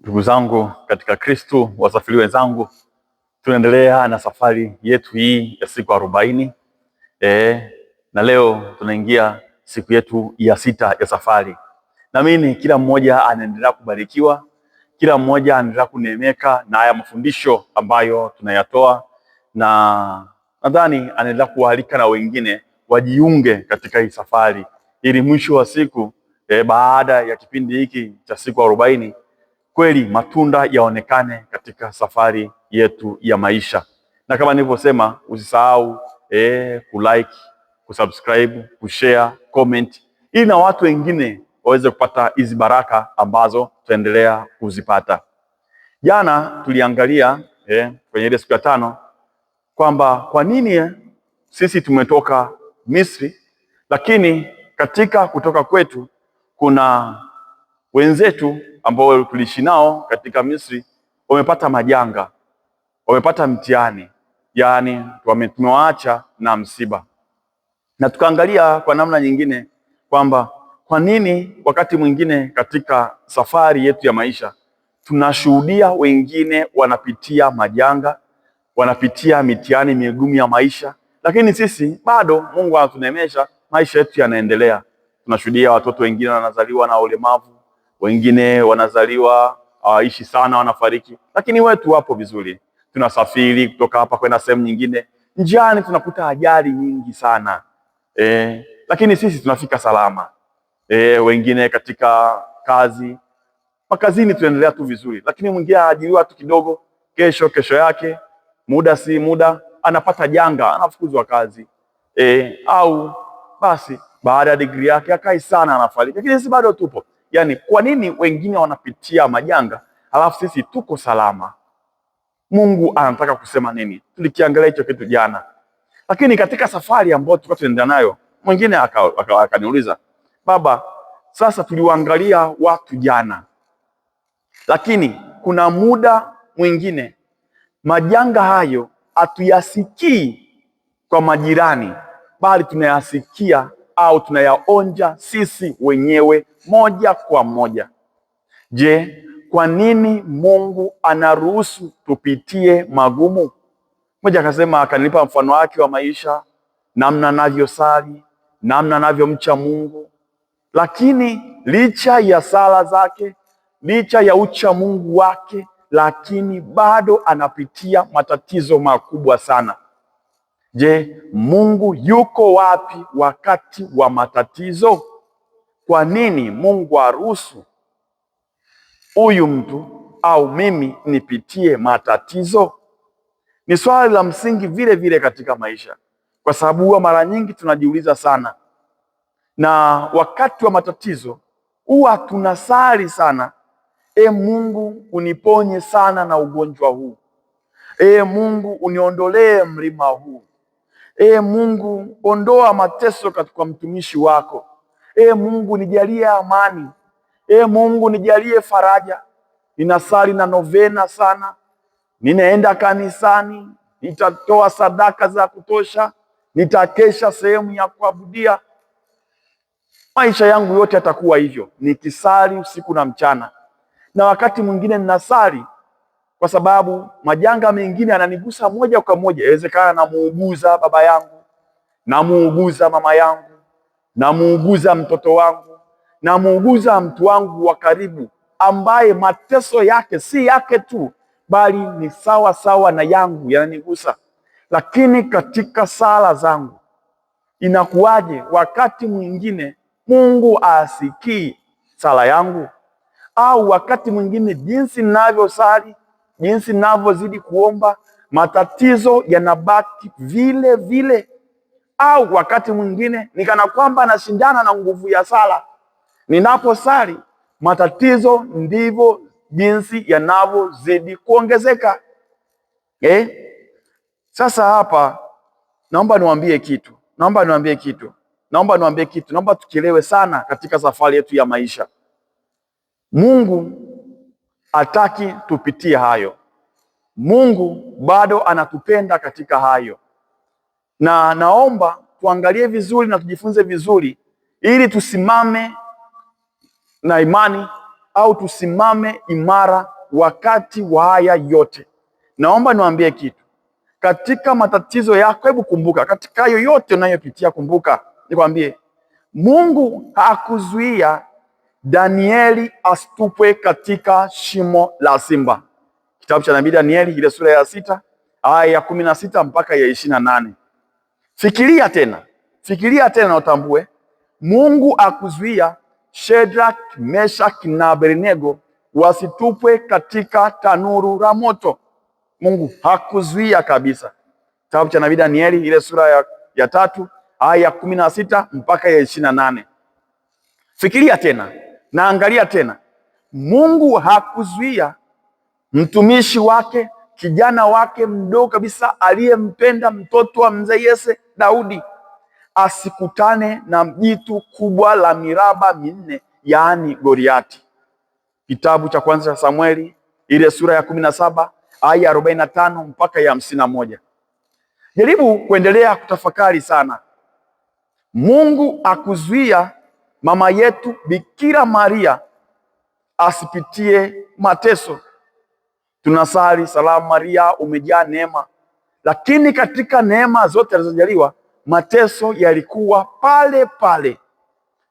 Ndugu zangu katika Kristu, wasafiri wenzangu, tunaendelea na safari yetu hii ya siku arobaini e, na leo tunaingia siku yetu ya sita ya safari. Naamini kila mmoja anaendelea kubarikiwa, kila mmoja anaendelea kuneemeka na haya mafundisho ambayo tunayatoa, na nadhani anaendelea kuwaalika na wengine wajiunge katika hii safari, ili mwisho wa siku e, baada ya kipindi hiki cha siku arobaini kweli matunda yaonekane katika safari yetu ya maisha. Na kama nilivyosema, usisahau eh, kulike, kusubscribe, kushare, comment ili na watu wengine waweze kupata hizi baraka ambazo tutaendelea kuzipata. Jana tuliangalia eh, kwenye ile siku ya tano kwamba kwa nini sisi tumetoka Misri, lakini katika kutoka kwetu kuna wenzetu ambao tuliishi nao katika Misri wamepata majanga, wamepata mtihani, yaani tumewaacha na msiba, na tukaangalia kwa namna nyingine kwamba kwa nini wakati mwingine katika safari yetu ya maisha tunashuhudia wengine wanapitia majanga, wanapitia mitihani migumu ya maisha, lakini sisi bado Mungu anatunemesha, maisha yetu yanaendelea. Tunashuhudia watoto wengine wanazaliwa na ulemavu wengine wanazaliwa hawaishi sana, wanafariki, lakini wetu wapo vizuri. Tunasafiri kutoka hapa kwenda sehemu nyingine, njiani tunakuta ajali nyingi sana e, lakini sisi tunafika salama e, wengine katika kazi makazini tunaendelea tu vizuri, lakini mwingine aajiriwa tu kidogo, kesho kesho yake muda si muda anapata janga, anafukuzwa kazi e, au basi baada ya digrii yake akai sana anafariki, lakini sisi bado tupo. Yaani, kwa nini wengine wanapitia majanga alafu sisi tuko salama? Mungu anataka kusema nini? Tulikiangalia hicho kitu jana, lakini katika safari ambayo tulikuwa tunaenda nayo mwingine akaniuliza baba, sasa tuliwaangalia watu jana, lakini kuna muda mwingine majanga hayo hatuyasikii kwa majirani, bali tunayasikia au tunayaonja sisi wenyewe moja kwa moja. Je, kwa nini Mungu anaruhusu tupitie magumu? Mmoja akasema, akanipa mfano wake wa maisha, namna anavyosali, namna anavyomcha Mungu, lakini licha ya sala zake, licha ya ucha Mungu wake, lakini bado anapitia matatizo makubwa sana. Je, Mungu yuko wapi wakati wa matatizo? Kwa nini Mungu aruhusu huyu mtu au mimi nipitie matatizo? Ni swali la msingi vile vile katika maisha, kwa sababu huwa mara nyingi tunajiuliza sana, na wakati wa matatizo huwa tunasali sana, e Mungu uniponye sana na ugonjwa huu, e Mungu uniondolee mlima huu Ee Mungu, ondoa mateso katika mtumishi wako. Ee Mungu, nijalie amani. Ee Mungu, nijalie faraja. Ninasali na novena sana, ninaenda kanisani, nitatoa sadaka za kutosha, nitakesha sehemu ya kuabudia. Maisha yangu yote yatakuwa hivyo, nikisali usiku na mchana, na wakati mwingine ninasali kwa sababu majanga mengine yananigusa moja kwa moja. Inawezekana namuuguza baba yangu, namuuguza mama yangu, namuuguza mtoto wangu, namuuguza mtu wangu wa karibu, ambaye mateso yake si yake tu, bali ni sawa sawa na yangu, yananigusa. Lakini katika sala zangu inakuwaje? Wakati mwingine Mungu asikii sala yangu, au wakati mwingine jinsi ninavyosali Jinsi ninavyozidi kuomba, matatizo yanabaki vile vile, au wakati mwingine nikana kwamba nashindana na nguvu ya sala. Ninaposali, matatizo ndivyo jinsi yanavyozidi kuongezeka. Eh? Sasa hapa naomba niwaambie kitu, naomba niwaambie kitu, naomba niwaambie kitu, naomba tukielewe sana katika safari yetu ya maisha. Mungu Hataki tupitie hayo. Mungu bado anatupenda katika hayo, na naomba tuangalie vizuri na tujifunze vizuri, ili tusimame na imani au tusimame imara wakati wa haya yote. Naomba niwaambie kitu katika matatizo yako, hebu kumbuka, katika hayo yote unayopitia, kumbuka nikwambie, Mungu hakuzuia Danieli astupwe katika shimo la simba. Kitabu cha nabii Danieli ile sura ya sita aya ya kumi na sita mpaka ya ishirini na nane. Fikiria tena, fikiria tena na utambue Mungu akuzuia Shedrak, Meshak na Abednego wasitupwe katika tanuru la moto. Mungu hakuzuia kabisa. Kitabu cha nabii Danieli ile sura ya, ya tatu aya ya kumi na sita mpaka ya ishirini na nane. Fikiria tena. Na angalia tena, Mungu hakuzuia mtumishi wake kijana wake mdogo kabisa aliyempenda, mtoto wa mzee Yese, Daudi asikutane na jitu kubwa la miraba minne, yaani Goliati. Kitabu cha kwanza cha Samueli ile sura ya kumi na saba aya ya arobaini na tano mpaka ya hamsini na moja. Jaribu kuendelea kutafakari sana. Mungu akuzuia mama yetu Bikira Maria asipitie mateso. Tunasali salamu Maria, umejaa neema. Lakini katika neema zote alizojaliwa mateso yalikuwa pale pale.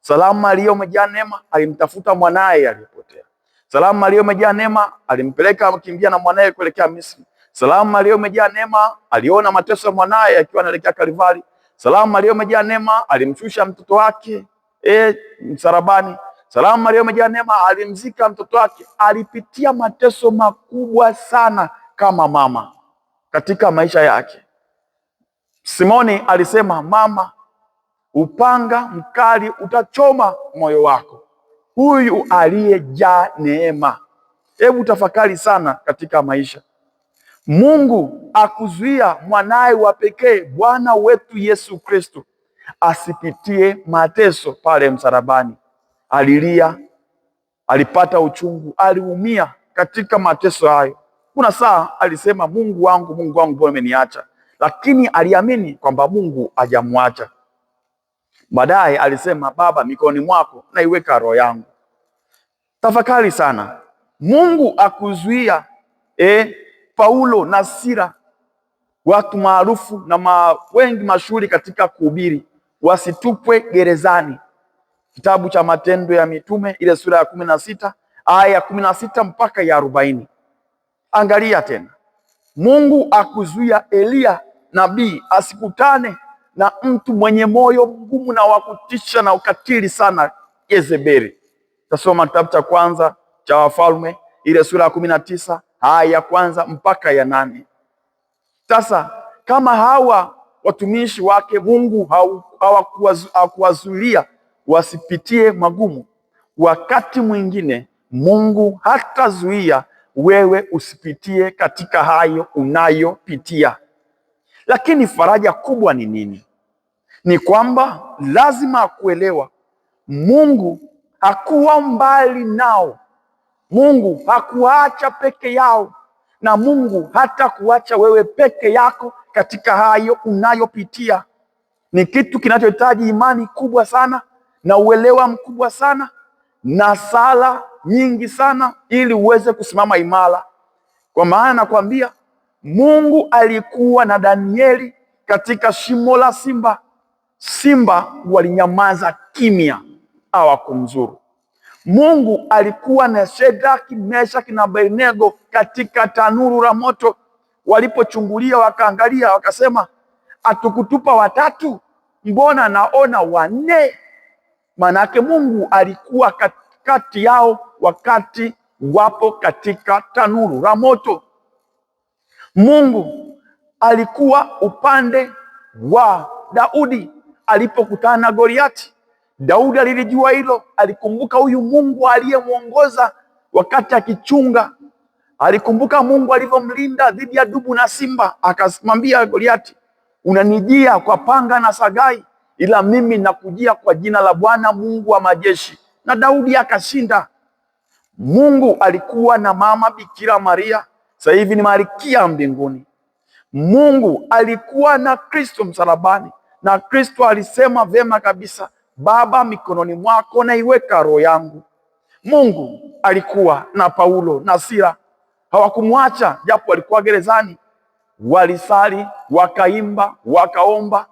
Salamu Maria, umejaa neema, alimtafuta mwanaye aliyepotea. Salamu Maria, umejaa neema, alimpeleka mkimbia na mwanaye kuelekea Misri. Salamu Maria, umejaa neema, aliona mateso ya mwanaye akiwa anaelekea Kalvari. Salamu Maria, umejaa neema, alimshusha mtoto wake e, msarabani. Salamu Maria amejaa neema, alimzika mtoto wake. Alipitia mateso makubwa sana kama mama katika maisha yake. Simoni alisema, mama, upanga mkali utachoma moyo wako. Huyu aliyejaa neema, hebu tafakari sana katika maisha. Mungu akuzuia mwanaye wa pekee Bwana wetu Yesu Kristo asipitie mateso pale msalabani. Alilia, alipata uchungu, aliumia katika mateso hayo. Kuna saa alisema, Mungu wangu, Mungu wangu, mbona umeniacha? Lakini aliamini kwamba Mungu hajamwacha. Baadaye alisema, Baba, mikononi mwako naiweka roho yangu. Tafakari sana. Mungu akuzuia eh, Paulo na Sila watu maarufu na ma wengi mashuhuri katika kuhubiri, wasitupwe gerezani. Kitabu cha Matendo ya Mitume ile sura ya kumi na sita aya ya kumi na sita mpaka ya arobaini. Angalia tena, Mungu akuzuia Eliya nabii asikutane na mtu mwenye moyo mgumu na wakutisha na ukatili sana, Yezebeli. Tasoma kitabu cha kwanza cha Wafalme ile sura ya kumi na tisa aya ya kwanza mpaka ya nane. Sasa kama hawa watumishi wake Mungu hawakuwazuilia wasipitie magumu. Wakati mwingine Mungu hatazuia wewe usipitie katika hayo unayopitia. Lakini faraja kubwa ni nini? Ni kwamba lazima kuelewa Mungu hakuwa mbali nao. Mungu hakuacha peke yao, na Mungu hatakuacha wewe peke yako katika hayo unayopitia. Ni kitu kinachohitaji imani kubwa sana na uelewa mkubwa sana na sala nyingi sana, ili uweze kusimama imara, kwa maana nakwambia Mungu alikuwa na Danieli katika shimo la simba. Simba walinyamaza kimya, hawakumzuru. Mungu alikuwa na Shedraki, Meshaki na Abednego katika tanuru la moto walipochungulia wakaangalia, wakasema atukutupa watatu, mbona naona wanne? Maanake Mungu alikuwa katikati yao wakati wapo katika tanuru la moto. Mungu alikuwa upande wa Daudi alipokutana na Goliati. Daudi alilijua hilo, alikumbuka huyu Mungu aliyemwongoza wakati akichunga alikumbuka Mungu alivyomlinda dhidi ya dubu na simba, akamwambia Goliati, unanijia kwa panga na sagai, ila mimi nakujia kwa jina la Bwana Mungu wa majeshi. Na Daudi akashinda. Mungu alikuwa na mama Bikira Maria, sasa hivi ni malkia mbinguni. Mungu alikuwa na Kristo msalabani, na Kristo alisema vyema kabisa, Baba, mikononi mwako naiweka roho yangu. Mungu alikuwa na Paulo na Sila hawakumwacha japo walikuwa gerezani. Walisali, wakaimba, wakaomba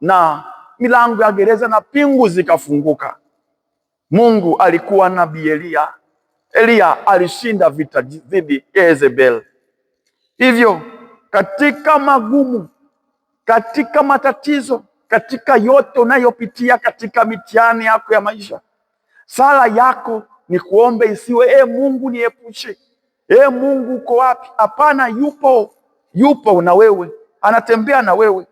na milango ya gereza na pingu zikafunguka. Mungu alikuwa nabii Eliya. Eliya alishinda vita dhidi ya Yezebeli. Hivyo katika magumu, katika matatizo, katika yote unayopitia, katika mitihani yako ya maisha, sala yako ni kuombe isiwe e, Mungu niepushe e Mungu uko wapi? Hapana, yupo, yupo na wewe, anatembea na wewe.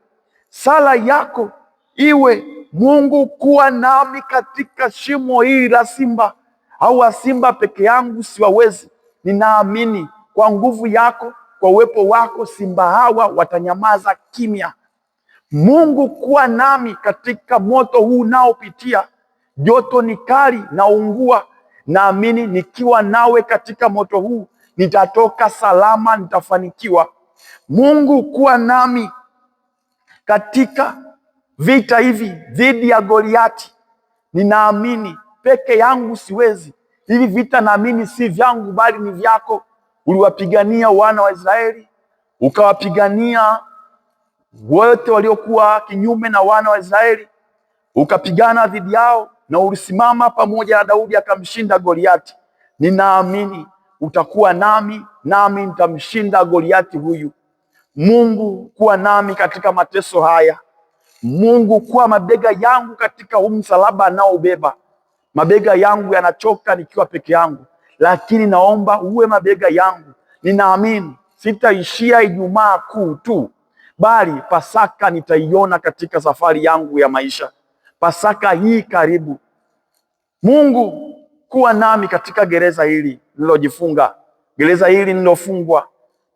Sala yako iwe Mungu, kuwa nami katika shimo hili la simba, au simba peke yangu siwawezi. Ninaamini kwa nguvu yako, kwa uwepo wako, simba hawa watanyamaza kimya. Mungu, kuwa nami katika moto huu unaopitia, joto ni kali na ungua. Naamini nikiwa nawe katika moto huu nitatoka salama, nitafanikiwa. Mungu kuwa nami katika vita hivi dhidi ya Goliati. Ninaamini peke yangu siwezi. Hivi vita naamini si vyangu, bali ni vyako. Uliwapigania wana wa Israeli, ukawapigania wote waliokuwa kinyume na wana wa Israeli, ukapigana dhidi yao na ulisimama pamoja na Daudi akamshinda Goliati. Ninaamini utakuwa nami, nami nitamshinda Goliati huyu. Mungu kuwa nami katika mateso haya. Mungu kuwa mabega yangu katika huu msalaba anaobeba. Mabega yangu yanachoka nikiwa peke yangu, lakini naomba uwe mabega yangu. Ninaamini sitaishia Ijumaa Kuu tu, bali Pasaka nitaiona katika safari yangu ya maisha. Pasaka hii karibu. Mungu kuwa nami katika gereza hili nilojifunga gereza hili nilofungwa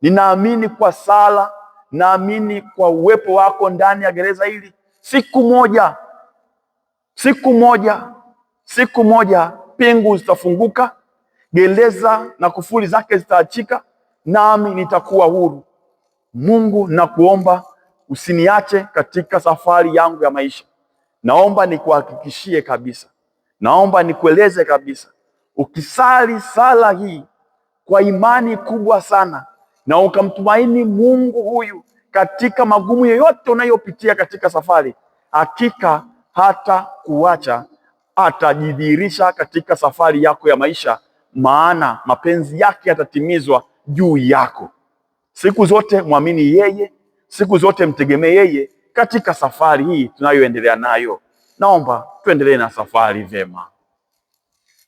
Ninaamini kwa sala, naamini kwa uwepo wako ndani ya gereza hili. Siku moja, siku moja, siku moja pingu zitafunguka, gereza na kufuli zake zitaachika, nami nitakuwa huru. Mungu nakuomba usiniache katika safari yangu ya maisha. Naomba nikuhakikishie kabisa Naomba nikueleze kabisa, ukisali sala hii kwa imani kubwa sana na ukamtumaini Mungu huyu katika magumu yoyote unayopitia katika safari, hakika hata kuacha atajidhihirisha katika safari yako ya maisha, maana mapenzi yake yatatimizwa juu yako. Siku zote mwamini yeye, siku zote mtegemee yeye katika safari hii tunayoendelea nayo. Naomba tuendelee na safari vema